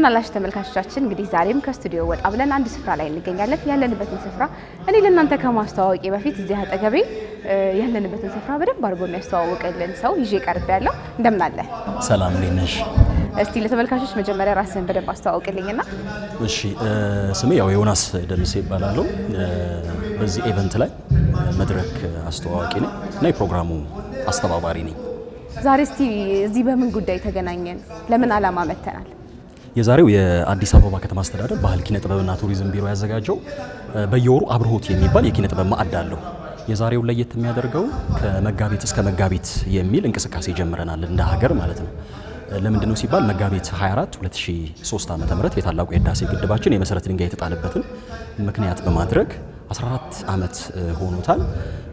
እንደምናላችሁ ተመልካቾቻችን እንግዲህ ዛሬም ከስቱዲዮ ወጣ ብለን አንድ ስፍራ ላይ እንገኛለን። ያለንበትን ስፍራ እኔ ለእናንተ ከማስተዋወቂ በፊት እዚህ አጠገቤ ያለንበትን ስፍራ በደንብ አድርጎ የሚያስተዋውቅልን ሰው ይዤ ቀርብ ያለው እንደምን አለ? ሰላም እንዴት እስቲ ለተመልካቾች መጀመሪያ ራስህን በደንብ አስተዋውቅልኝና። እሺ ስሜ ያው ዮናስ ደምሴ ይባላሉ። በዚህ ኤቨንት ላይ መድረክ አስተዋዋቂ ነኝ እና የፕሮግራሙ አስተባባሪ ነኝ። ዛሬ እስቲ እዚህ በምን ጉዳይ ተገናኘን? ለምን ዓላማ መተናል? የዛሬው የአዲስ አበባ ከተማ አስተዳደር ባህል ኪነ ጥበብና ቱሪዝም ቢሮ ያዘጋጀው በየወሩ አብርሆት የሚባል የኪነ ጥበብ ማዕድ አለው። የዛሬው ለየት የሚያደርገው ከመጋቢት እስከ መጋቢት የሚል እንቅስቃሴ ጀምረናል እንደ ሀገር ማለት ነው። ለምንድን ነው ሲባል መጋቢት 24 2003 ዓ.ም የታላቁ የህዳሴ ግድባችን የመሰረት ድንጋይ የተጣለበትን ምክንያት በማድረግ 14 ዓመት ሆኖታል።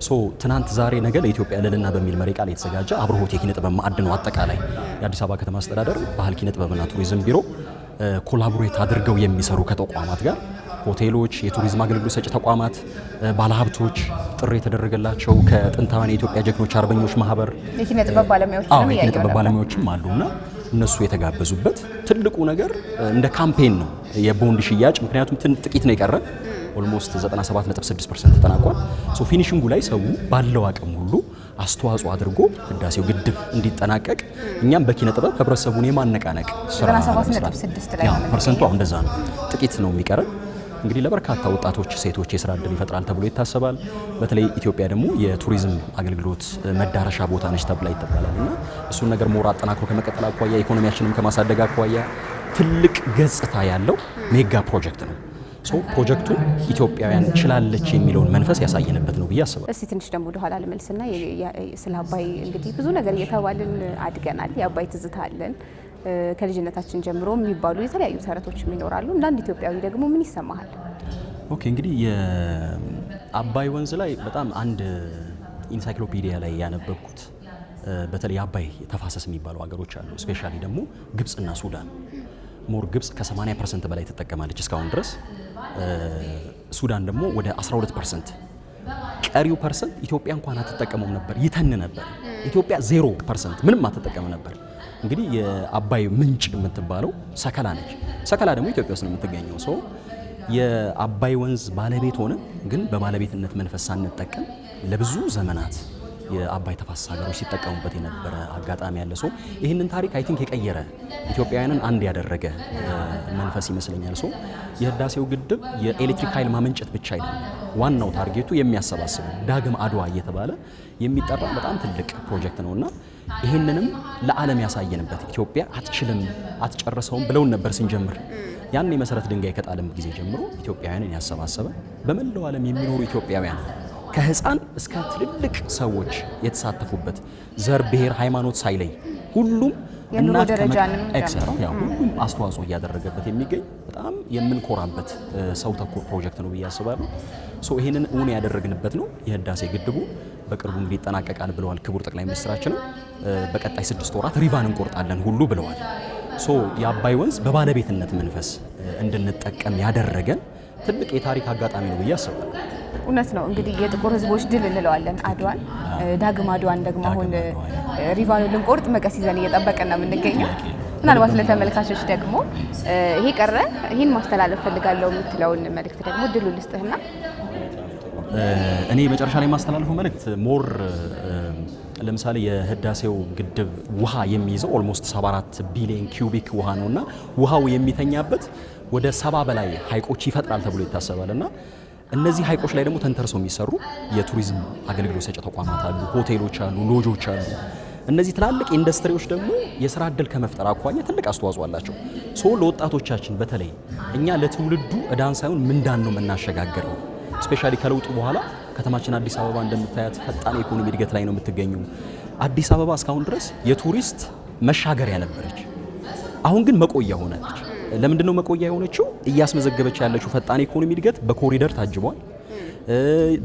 ሶ ትናንት ዛሬ ነገ ለኢትዮጵያ ልዕልና በሚል መሪ ቃል የተዘጋጀ አብርሆት የኪነ ጥበብ ማዕድ ነው። አጠቃላይ የአዲስ አበባ ከተማ አስተዳደር ባህል ኪነ ጥበብና ቱሪዝም ቢሮ ኮላቦሬት አድርገው የሚሰሩ ከተቋማት ጋር ሆቴሎች፣ የቱሪዝም አገልግሎት ሰጪ ተቋማት፣ ባለሀብቶች ጥሪ የተደረገላቸው ከጥንታውያን የኢትዮጵያ ጀግኖች አርበኞች ማህበር የኪነ ጥበብ ባለሙያዎችም አሉና እነሱ የተጋበዙበት ትልቁ ነገር እንደ ካምፔን ነው የቦንድ ሽያጭ። ምክንያቱም ጥቂት ነው የቀረ ኦልሞስት 97.6 ፐርሰንት ተጠናቋል። ፊኒሽንጉ ላይ ሰው ባለው አቅም ሁሉ አስተዋጽኦ አድርጎ ህዳሴው ግድብ እንዲጠናቀቅ እኛም በኪነ ጥበብ ህብረተሰቡን የማነቃነቅ ስራ ፐርሰንቱ አሁን እንደዛ ነው። ጥቂት ነው የሚቀረን እንግዲህ ለበርካታ ወጣቶች፣ ሴቶች የስራ እድል ይፈጥራል ተብሎ ይታሰባል። በተለይ ኢትዮጵያ ደግሞ የቱሪዝም አገልግሎት መዳረሻ ቦታ ነች ተብላ ይተባላል እና እሱን ነገር ሞራ አጠናክሮ ከመቀጠል አኳያ ኢኮኖሚያችንም ከማሳደግ አኳያ ትልቅ ገጽታ ያለው ሜጋ ፕሮጀክት ነው። ፕሮጀክቱ ኢትዮጵያውያን ችላለች የሚለውን መንፈስ ያሳየንበት ነው ብዬ አስባለሁ። እስቲ ትንሽ ደግሞ ወደኋላ ልመልስና ስለ አባይ እንግዲህ ብዙ ነገር እየተባልን አድገናል። የአባይ ትዝታ አለን ከልጅነታችን ጀምሮ የሚባሉ የተለያዩ ተረቶችም ይኖራሉ። እንዳንድ ኢትዮጵያዊ ደግሞ ምን ይሰማሃል? ኦኬ እንግዲህ የአባይ ወንዝ ላይ በጣም አንድ ኢንሳይክሎፒዲያ ላይ ያነበብኩት በተለይ አባይ ተፋሰስ የሚባሉ ሀገሮች አሉ። እስፔሻሊ ደግሞ ግብፅና ሱዳን ሞር ግብፅ ከ80 ፐርሰንት በላይ ትጠቀማለች እስካሁን ድረስ ሱዳን ደግሞ ወደ 12 ፐርሰንት ቀሪው ፐርሰንት ኢትዮጵያ እንኳን አትጠቀመውም ነበር፣ ይተን ነበር። ኢትዮጵያ ዜሮ ፐርሰንት ምንም አትጠቀም ነበር። እንግዲህ የአባይ ምንጭ የምትባለው ሰከላ ነች። ሰከላ ደግሞ ኢትዮጵያ ውስጥ ነው የምትገኘው። ሰው የአባይ ወንዝ ባለቤት ሆነ፣ ግን በባለቤትነት መንፈስ ሳንጠቀም ለብዙ ዘመናት የአባይ ተፋሰስ ሀገሮች ሲጠቀሙበት የነበረ አጋጣሚ ያለ ሰው ይህንን ታሪክ አይ ቲንክ የቀየረ ኢትዮጵያውያንን አንድ ያደረገ መንፈስ ይመስለኛል። ሰው የህዳሴው ግድብ የኤሌክትሪክ ኃይል ማመንጨት ብቻ አይደለም። ዋናው ታርጌቱ የሚያሰባስብ ዳግም አድዋ እየተባለ የሚጠራ በጣም ትልቅ ፕሮጀክት ነውና ይህንንም ለዓለም ያሳየንበት ኢትዮጵያ አትችልም አትጨርሰውም ብለውን ነበር ስንጀምር ያን የመሰረት ድንጋይ ከጣለም ጊዜ ጀምሮ ኢትዮጵያውያንን ያሰባሰበ በመላው ዓለም የሚኖሩ ኢትዮጵያውያን ከህፃን እስከ ትልልቅ ሰዎች የተሳተፉበት ዘር፣ ብሔር፣ ሃይማኖት ሳይለይ ሁሉም የኑሮ ሁሉም አስተዋጽኦ እያደረገበት የሚገኝ በጣም የምንኮራበት ሰው ተኮር ፕሮጀክት ነው ብዬ አስባለሁ። ይህንን እውን ያደረግንበት ነው የህዳሴ ግድቡ። እንግዲህ ይጠናቀቃል ብለዋል ክቡር ጠቅላይ ሚኒስትራችንም። በቀጣይ ስድስት ወራት ሪቫን እንቆርጣለን ሁሉ ብለዋል። ሶ የአባይ ወንዝ በባለቤትነት መንፈስ እንድንጠቀም ያደረገን ትልቅ የታሪክ አጋጣሚ ነው ብዬ አስባለሁ። እውነት ነው እንግዲህ የጥቁር ህዝቦች ድል እንለዋለን አድዋን። ዳግም አድዋን ደግሞ አሁን ሪቫኑ ልንቆርጥ መቀስ ይዘን እየጠበቅን ነው የምንገኘው። ምናልባት ለተመልካቾች ደግሞ ይሄ ቀረ ይህን ማስተላለፍ ፈልጋለሁ የምትለውን መልእክት ደግሞ ድሉ ልስጥህና እኔ መጨረሻ ላይ የማስተላለፈው መልእክት ሞር ለምሳሌ የህዳሴው ግድብ ውሃ የሚይዘው ኦልሞስት 74 ቢሊዮን ኪዩቢክ ውሃ ነው እና ውሃው የሚተኛበት ወደ ሰባ በላይ ሀይቆች ይፈጥራል ተብሎ ይታሰባል እና እነዚህ ሀይቆች ላይ ደግሞ ተንተርሰው የሚሰሩ የቱሪዝም አገልግሎት ሰጪ ተቋማት አሉ፣ ሆቴሎች አሉ፣ ሎጆች አሉ። እነዚህ ትላልቅ ኢንዱስትሪዎች ደግሞ የስራ እድል ከመፍጠር አኳያ ትልቅ አስተዋጽኦ አላቸው። ሶ ለወጣቶቻችን በተለይ እኛ ለትውልዱ እዳን ሳይሆን ምንዳን ነው የምናሸጋግረው። ስፔሻሊ ከለውጡ በኋላ ከተማችን አዲስ አበባ እንደምታያት ፈጣን የኢኮኖሚ እድገት ላይ ነው የምትገኘው። አዲስ አበባ እስካሁን ድረስ የቱሪስት መሻገሪያ ነበረች፣ አሁን ግን መቆያ ሆናለች። ለምንድነው መቆያ የሆነችው? እያስመዘገበች ያለችው ፈጣን ኢኮኖሚ እድገት በኮሪደር ታጅቧል።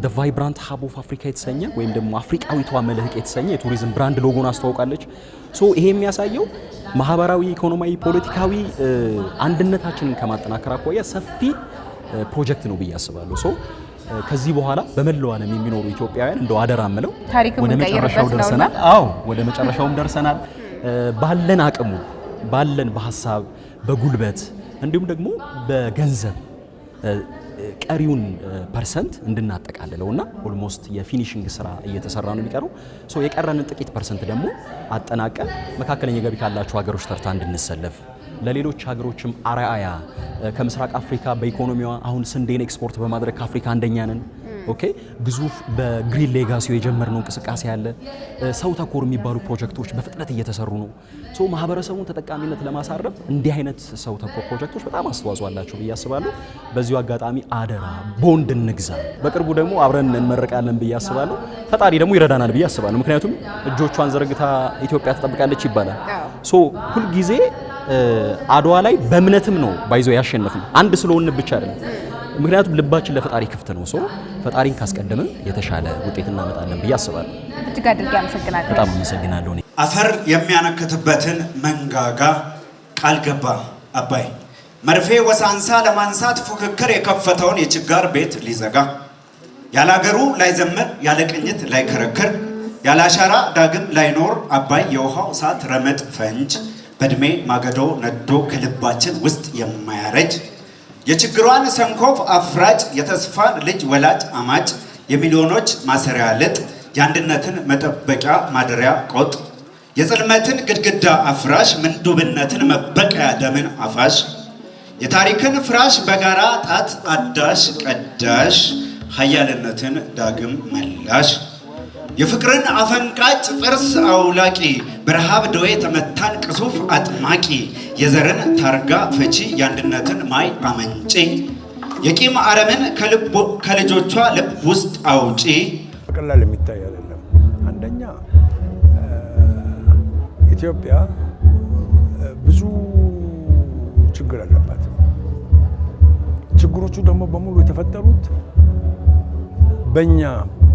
ደ ቫይብራንት ሀብ ኦፍ አፍሪካ የተሰኘ ወይም ደግሞ አፍሪቃዊቷ መልህቅ የተሰኘ የቱሪዝም ብራንድ ሎጎን አስተዋውቃለች። ሶ ይሄ የሚያሳየው ማህበራዊ፣ ኢኮኖሚያዊ፣ ፖለቲካዊ አንድነታችንን ከማጠናከር አኳያ ሰፊ ፕሮጀክት ነው ብዬ አስባለሁ። ሶ ከዚህ በኋላ በመላው ዓለም የሚኖሩ ኢትዮጵያውያን እንደው አደራ ምለው ወደ መጨረሻው ደርሰናል። አዎ ወደ መጨረሻውም ደርሰናል። ባለን አቅሙ ባለን በሀሳብ በጉልበት እንዲሁም ደግሞ በገንዘብ ቀሪውን ፐርሰንት እንድናጠቃልለው እና ኦልሞስት የፊኒሽንግ ስራ እየተሰራ ነው የሚቀረው። ሶ የቀረንን ጥቂት ፐርሰንት ደግሞ አጠናቀን መካከለኛ ገቢ ካላቸው ሀገሮች ተርታ እንድንሰለፍ ለሌሎች ሀገሮችም አርአያ ከምስራቅ አፍሪካ በኢኮኖሚዋ አሁን ስንዴን ኤክስፖርት በማድረግ ከአፍሪካ አንደኛ ነን። ኦኬ ግዙፍ በግሪን ሌጋሲው የጀመርነው እንቅስቃሴ አለ። ሰው ተኮር የሚባሉ ፕሮጀክቶች በፍጥነት እየተሰሩ ነው። ሶ ማህበረሰቡን ተጠቃሚነት ለማሳረፍ እንዲህ አይነት ሰው ተኮር ፕሮጀክቶች በጣም አስተዋጽኦ አላቸው ብዬ አስባለሁ። በዚሁ አጋጣሚ አደራ ቦንድ እንግዛ። በቅርቡ ደግሞ አብረን እንመረቃለን ብዬ አስባለሁ። ፈጣሪ ደግሞ ይረዳናል ብዬ አስባለሁ። ምክንያቱም እጆቿን ዘርግታ ኢትዮጵያ ትጠብቃለች ይባላል። ሶ ሁልጊዜ አድዋ ላይ በእምነትም ነው ባይዞ ነው አንድ ስለሆነ ብቻ አይደለም። ምክንያቱም ልባችን ለፈጣሪ ክፍት ነው። ፈጣሪን ካስቀደምን የተሻለ ውጤት እናመጣለን ብዬ አስባለሁ። እጅግ አድርጌ አመሰግናለሁ። በጣም አመሰግናለሁ። አፈር የሚያነክትበትን መንጋጋ ቃል ገባ አባይ መርፌ ወሳንሳ ለማንሳት ፉክክር የከፈተውን የችጋር ቤት ሊዘጋ ያለ አገሩ ላይዘምር ያለ ቅኝት ላይከረክር ያለ አሻራ ዳግም ላይኖር አባይ የውሃው እሳት ረመጥ ፈንጅ በእድሜ ማገዶ ነዶ ከልባችን ውስጥ የማያረጅ የችግሯን ሰንኮፍ አፍራጭ፣ የተስፋን ልጅ ወላጭ አማጭ፣ የሚሊዮኖች ማሰሪያ ልጥ፣ የአንድነትን መጠበቂያ ማደሪያ ቆጥ፣ የጽልመትን ግድግዳ አፍራሽ፣ ምንዱብነትን መበቀያ ደምን አፋሽ፣ የታሪክን ፍራሽ በጋራ ጣት አዳሽ ቀዳሽ፣ ሀያልነትን ዳግም መላሽ የፍቅርን አፈንቃጭ ጥርስ አውላቂ በረሃብ ደዌ የተመታን ቅሱፍ አጥማቂ የዘርን ታርጋ ፈቺ የአንድነትን ማይ አመንጪ የቂም አረምን ከልጆቿ ልብ ውስጥ አውጪ። በቀላል የሚታይ አይደለም። አንደኛ ኢትዮጵያ ብዙ ችግር አለባት። ችግሮቹ ደግሞ በሙሉ የተፈጠሩት በእኛ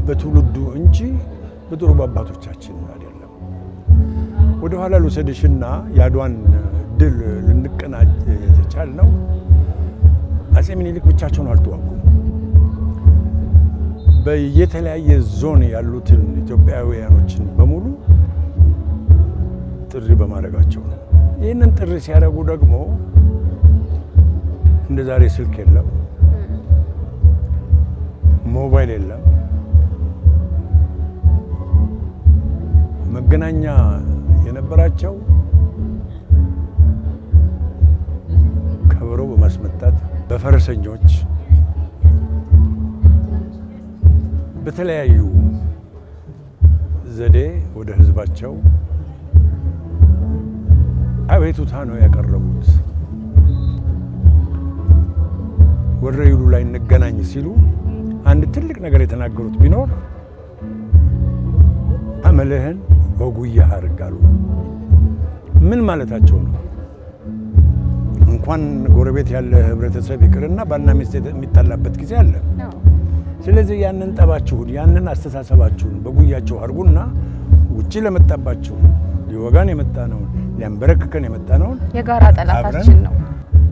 በትውልዱ እንጂ በጥሩ በአባቶቻችን አይደለም። ወደኋላ ልውሰድሽና የአድዋን ድል ልንቀናጅ የተቻልነው አፄ ምኒልክ ብቻቸውን አልተዋጉም። በየተለያየ ዞን ያሉትን ኢትዮጵያውያኖችን በሙሉ ጥሪ በማድረጋቸው ነው። ይህንን ጥሪ ሲያደርጉ ደግሞ እንደ ዛሬ ስልክ የለም፣ ሞባይል የለም። መገናኛ የነበራቸው ከበሮ በማስመታት በፈረሰኞች በተለያዩ ዘዴ ወደ ህዝባቸው አቤቱታ ነው ያቀረቡት። ወረኢሉ ላይ እንገናኝ ሲሉ አንድ ትልቅ ነገር የተናገሩት ቢኖር አመልህን በጉያ ሀረግ አሉ። ምን ማለታቸው ነው? እንኳን ጎረቤት ያለ ህብረተሰብ ይቅርና ባልና ሚስት የሚጣላበት ጊዜ አለ። ስለዚህ ያንን ጠባችሁን ያንን አስተሳሰባችሁን በጉያችሁ አርጉና ውጭ ለመጣባችሁ ሊወጋን የመጣ ነውን ሊያንበረክከን የመጣ ነውን የጋራ ጠላታችን ነው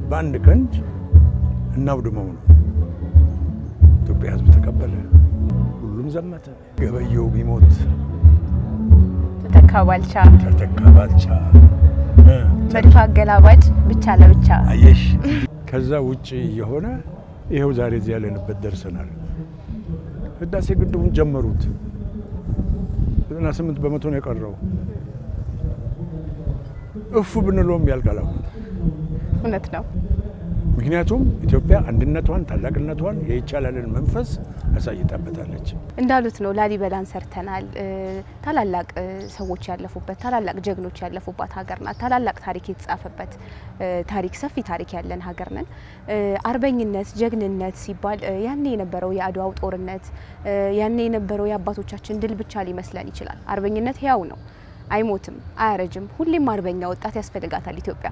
በአንድ ቀንድ እናውድመው ነው። ኢትዮጵያ ህዝብ ተቀበለ፣ ሁሉም ዘመተ። ገበየው ቢሞት ተተካ ባልቻ ተተካ ባልቻ መድፍ አገላባጭ ብቻ ለብቻ አየሽ፣ ከዛ ውጭ የሆነ ይኸው ዛሬ እዚህ ያለንበት ደርሰናል። ህዳሴ ግድቡን ጀመሩት። 98 በመቶ ነው የቀረው። እፉ ብንለውም ያልቃል። እውነት ነው። ምክንያቱም ኢትዮጵያ አንድነቷን፣ ታላቅነቷን የይቻላልን መንፈስ አሳይታበታለች። እንዳሉት ነው። ላሊበላን ሰርተናል። ታላላቅ ሰዎች ያለፉበት፣ ታላላቅ ጀግኖች ያለፉባት ሀገር ናት። ታላላቅ ታሪክ የተጻፈበት ታሪክ፣ ሰፊ ታሪክ ያለን ሀገር ነን። አርበኝነት፣ ጀግንነት ሲባል ያኔ የነበረው የአድዋው ጦርነት፣ ያኔ የነበረው የአባቶቻችን ድል ብቻ ሊመስለን ይችላል። አርበኝነት ህያው ነው። አይሞትም፣ አያረጅም። ሁሌም አርበኛ ወጣት ያስፈልጋታል ኢትዮጵያ።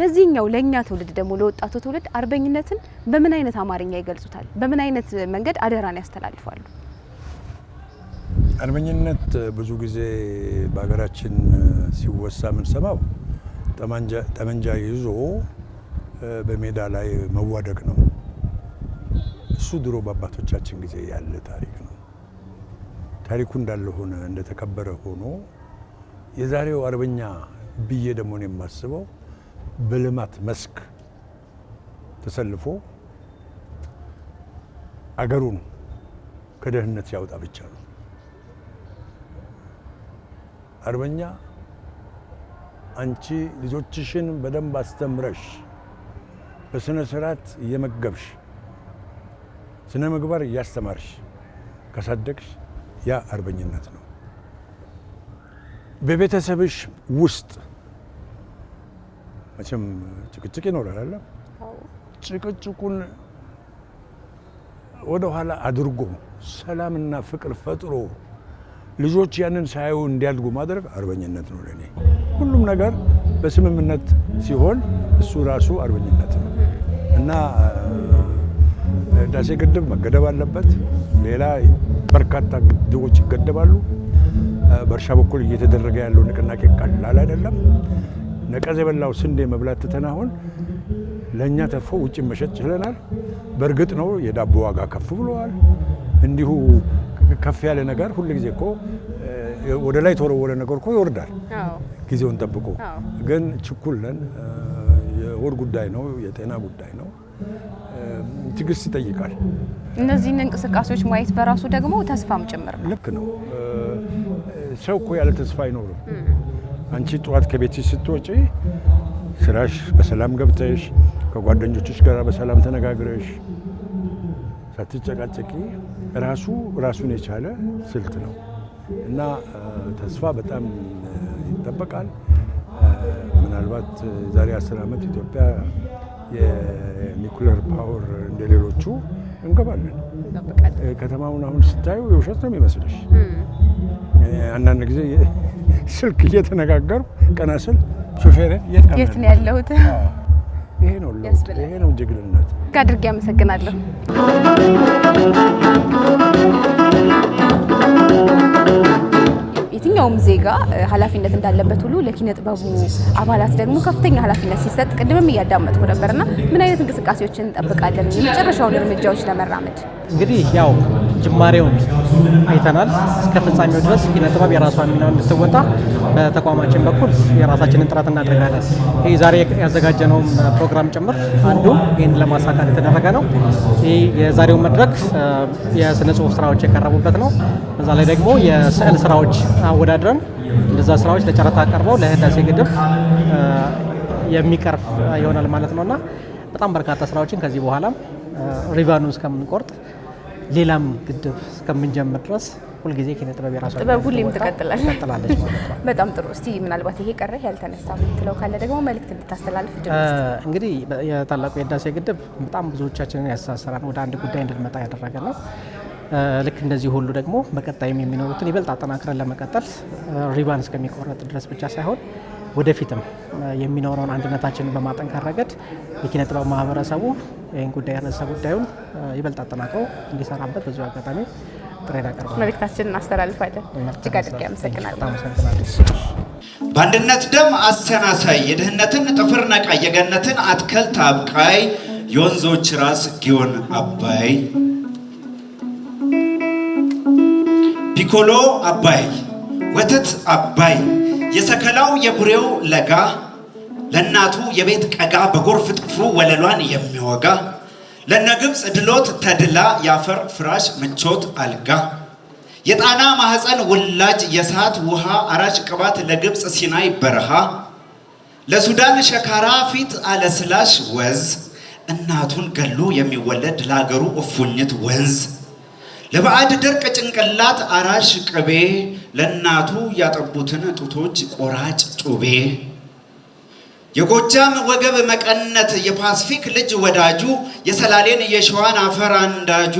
ለዚህኛው ለእኛ ትውልድ ደግሞ ለወጣቱ ትውልድ አርበኝነትን በምን አይነት አማርኛ ይገልጹታል? በምን አይነት መንገድ አደራን ያስተላልፋሉ? አርበኝነት ብዙ ጊዜ በሀገራችን ሲወሳ የምንሰማው ጠመንጃ ይዞ በሜዳ ላይ መዋደቅ ነው። እሱ ድሮ በአባቶቻችን ጊዜ ያለ ታሪክ ነው። ታሪኩ እንዳለ ሆነ እንደተከበረ ሆኖ የዛሬው አርበኛ ብዬ ደግሞ ነው የማስበው በልማት መስክ ተሰልፎ አገሩን ከደህንነት ሲያወጣ ብቻ ነው። አርበኛ አንቺ ልጆችሽን በደንብ አስተምረሽ በስነ ስርዓት እየመገብሽ ስነ ምግባር እያስተማርሽ ካሳደግሽ ያ አርበኝነት ነው። በቤተሰብሽ ውስጥ መቼም ጭቅጭቅ ይኖራል አለ ጭቅጭቁን ወደኋላ አድርጎ ሰላምና ፍቅር ፈጥሮ ልጆች ያንን ሳያዩ እንዲያድጉ ማድረግ አርበኝነት ነው ለእኔ። ሁሉም ነገር በስምምነት ሲሆን እሱ ራሱ አርበኝነት ነው እና ህዳሴ ግድብ መገደብ አለበት። ሌላ በርካታ ግድቦች ይገደባሉ። በእርሻ በኩል እየተደረገ ያለው ንቅናቄ ቀላል አይደለም። ነቀዝ የበላው ስንዴ መብላት ትተን አሁን ለእኛ ተርፎ ውጭ መሸጥ ችለናል። በእርግጥ ነው የዳቦ ዋጋ ከፍ ብለዋል። እንዲሁ ከፍ ያለ ነገር ሁል ጊዜ እኮ ወደ ላይ ተወረወረ ነገር እኮ ይወርዳል ጊዜውን ጠብቆ። ግን ችኩለን የሆድ ጉዳይ ነው፣ የጤና ጉዳይ ነው። ትግስት ይጠይቃል። እነዚህን እንቅስቃሴዎች ማየት በራሱ ደግሞ ተስፋም ጭምር ነው። ልክ ነው። ሰው እኮ ያለ ተስፋ አይኖርም። አንቺ ጠዋት ከቤትሽ ስትወጪ ስራሽ በሰላም ገብተሽ ከጓደኞችሽ ጋር በሰላም ተነጋግረሽ ሳትጨቃጨቂ ራሱ ራሱን የቻለ ስልት ነው እና ተስፋ በጣም ይጠበቃል። ምናልባት ዛሬ አስር ዓመት ኢትዮጵያ የኒኩለር ፓወር እንደሌሎቹ እንገባለን። ከተማውን አሁን ስታዩ የውሸት ነው የሚመስልሽ። አንዳንድ ጊዜ ስልክ እየተነጋገሩ ቀና ስል ሹፌርን የት ነው ያለሁት? ይሄ ነው ለውጥ፣ ይሄ ነው ጀግንነት። አድርጌ አመሰግናለሁ። የትኛውም ዜጋ ኃላፊነት እንዳለበት ሁሉ ለኪነ ጥበቡ አባላት ደግሞ ከፍተኛ ኃላፊነት ሲሰጥ ቅድምም እያዳመጥኩ ነበርና ምን አይነት እንቅስቃሴዎችን እንጠብቃለን? የመጨረሻውን እርምጃዎች ለመራመድ እንግዲህ ያው ጅማሬውን አይተናል። እስከ ፍጻሜው ድረስ ኪነ ጥበብ የራሷን ሚና እንድትወጣ በተቋማችን በኩል የራሳችንን ጥረት እናደርጋለን። ይህ ዛሬ ያዘጋጀነውም ፕሮግራም ጭምር አንዱ ይህን ለማሳካት የተደረገ ነው። ይህ የዛሬው መድረክ የስነ ጽሁፍ ስራዎች የቀረቡበት ነው። በዛ ላይ ደግሞ የስዕል ስራዎች አወዳድረን እንደዛ ስራዎች ለጨረታ ቀርበው ለህዳሴ ግድብ የሚቀርፍ ይሆናል ማለት ነውና በጣም በርካታ ስራዎችን ከዚህ በኋላም ሪቫኑ እስከምንቆርጥ ሌላም ግድብ እስከምንጀምር ድረስ ሁልጊዜ ኪነ ጥበብ የራሷ ጥበብ ሁሌም ትቀጥላለች። በጣም ጥሩ። እስቲ ምናልባት ይሄ ቀረ ያልተነሳ ምትለው ካለ ደግሞ መልእክት እንድታስተላልፍ። እንግዲህ የታላቁ የህዳሴ ግድብ በጣም ብዙዎቻችንን ያሳሰራል፣ ወደ አንድ ጉዳይ እንድንመጣ ያደረገ ነው። ልክ እንደዚህ ሁሉ ደግሞ በቀጣይም የሚኖሩትን ይበልጥ አጠናክረን ለመቀጠል ሪባን እስከሚቆረጥ ድረስ ብቻ ሳይሆን ወደፊትም የሚኖረውን አንድነታችንን በማጠንከር ረገድ የኪነ ጥበብ ማህበረሰቡ ይህን ጉዳይ ርዕሰ ጉዳዩን ይበልጥ አጠናክሮ እንዲሰራበት በዚሁ አጋጣሚ ጥሬን ያቀርባል መልእክታችንን እናስተላልፋለን። እጅግ አድርጌ አመሰግናለሁ። በአንድነት ደም አሰናሳይ የድህነትን ጥፍር ነቃይ የገነትን አትክልት አብቃይ የወንዞች ራስ ጊዮን አባይ ፒኮሎ አባይ ወተት አባይ የሰከላው የቡሬው ለጋ ለእናቱ የቤት ቀጋ በጎርፍ ጥፍሩ ወለሏን የሚወጋ ለነ ግብፅ ድሎት ተድላ የአፈር ፍራሽ ምቾት አልጋ የጣና ማህፀን ውላጅ የእሳት ውሃ አራጭ ቅባት ለግብፅ ሲናይ በረሃ ለሱዳን ሸካራ ፊት አለስላሽ ወዝ እናቱን ገሎ የሚወለድ ለሀገሩ እፉኝት ወንዝ ለባዕድ ደርቅ ጭንቅላት አራሽ ቅቤ፣ ለእናቱ ያጠቡትን ጡቶች ቆራጭ ጩቤ፣ የጎጃም ወገብ መቀነት የፓስፊክ ልጅ ወዳጁ፣ የሰላሌን የሸዋን አፈር አንዳጁ፣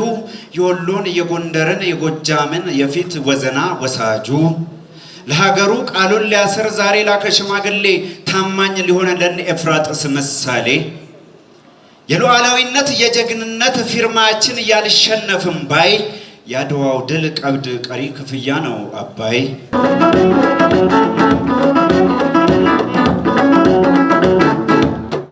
የወሎን የጎንደርን የጎጃምን የፊት ወዘና ወሳጁ ለሀገሩ ቃሉን ሊያስር ዛሬ ላከ ሽማግሌ ታማኝ ሊሆንልን ኤፍራጥስ ምሳሌ የሉዓላዊነት የጀግንነት ፊርማችን ያልሸነፍም ባይ የአድዋው ድል ቀብድ ቀሪ ክፍያ ነው አባይ